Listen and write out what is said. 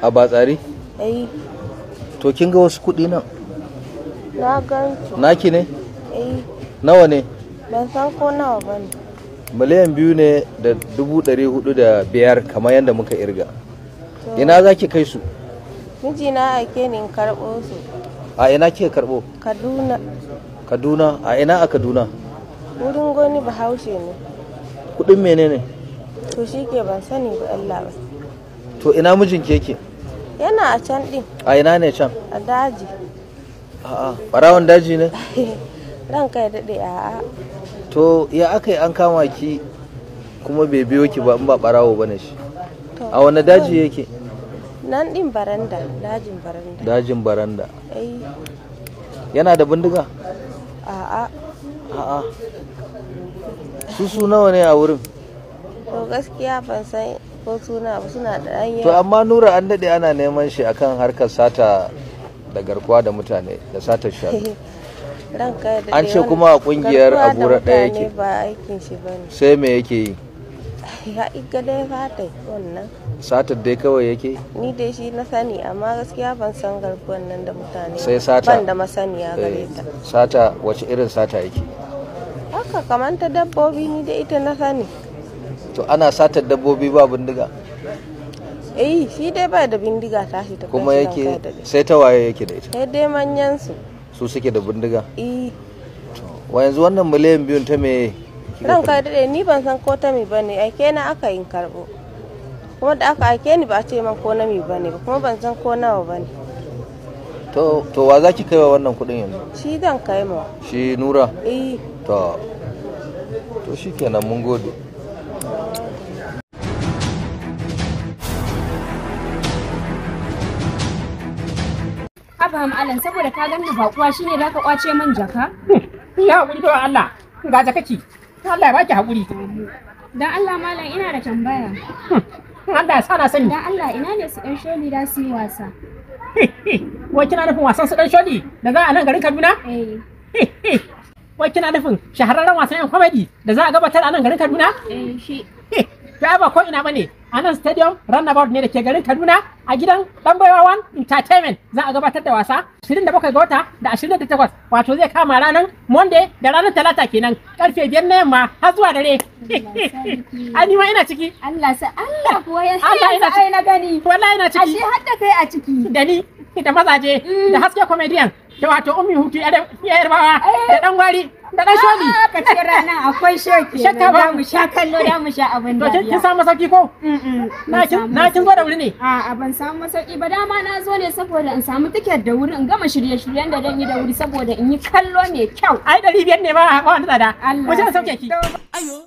a batsari eh to kin ga wasu kuɗi nan na gan naki ne eh nawa ne ban san ko nawa bane miliyan biyu ne da dubu ɗari hudu da biyar kamar yadda muka irga ina za ki kai su mijina ake ne karɓo su a ina kika karɓo kaduna kaduna a ina a kaduna wurin goni bahaushe ne kuɗin menene to shi ke ban sani ba allah ba to ina mijinki yake yana a can din a ina ne can a daji a'a barawan daji ne ran kai daɗe a'a to ya aka yi an kama ki kuma bai biyo ki ba in ba barawo bane shi a wani daji yake nan din baranda dajin baranda dajin baranda yana da bindiga a'a a'a su su nawa ne a wurin to gaskiya ban san ko suna suna da to amma nura an dade ana neman shi akan harkar sata da garkuwa da mutane da sata shanu an ce kuma a kungiyar abura daya yake sai me yake yi ya iga dai fata wannan satar dai kawai yake ni dai shi na sani amma gaskiya ban san garkuwan nan da mutane sai sata ban da masaniya gare eh, ta sata wace irin sata yake haka kamar ta dabbobi ni da ita na sani to ana satar dabbobi ba bindiga eh shi dai ba da bindiga ta shi ta kuma yake sai ta waye yake da ita sai dai manyan su su suke da bindiga eh wa yanzu wannan miliyan biyun ta me ran ka dade ni ban san ko ta me bane aike na aka yin karbo kuma da aka ake ni ba a ce man ko na me bane ba kuma ban san ko nawa bane to to wa zaki kai wa wannan kudin yanzu shi zan kai ma shi nura eh to to shikenan mun gode Abraham Allah saboda ka gan ni bakuwa shine zaka kwace min jaka? Ya hakuri to Allah. Ga ki. Allah ya baki hakuri. Dan Allah malam ina da tambaya. Hm, Allah ya sana sani. Dan Allah ina ne su ɗan sholi da su yi wasa. Wai kina nufin wasan su ɗan sholi da za a nan garin Kaduna? Eh. Wai kina nufin shahararren wasan yan kwamadi da za a gabatar a nan garin Kaduna? Eh shi. to ba ko ina bane a nan stadium runabout ne da ke garin kaduna a gidan dan One entertainment za a gabatar da wasa 27 ga wata da 28 wato zai kama ranar monday da ranar talata kenan karfe biyar na yamma har zuwa dare Ani ma ina ciki allah sa allah kuwa ya Allah ina ciki na gani wallahi ina ciki ashe har da kai a ciki da ni da mazaje da mm. haske comedian da wato ummi hutu yar yarbawa da dan eh. gwari da na shoni ka ce rana akwai shoki shakka ba mu sha kallo damu mu sha abin da kin samu sauki ko na kin gwada wuri ne a'a ban samu sauki ba dama na zo ne saboda in samu tiket da wuri in gama shirye shiryen da zan yi da wuri saboda in yi kallo mai kyau ai biyar ne ba ba wani tsada Allah mu sha sauke ki ayo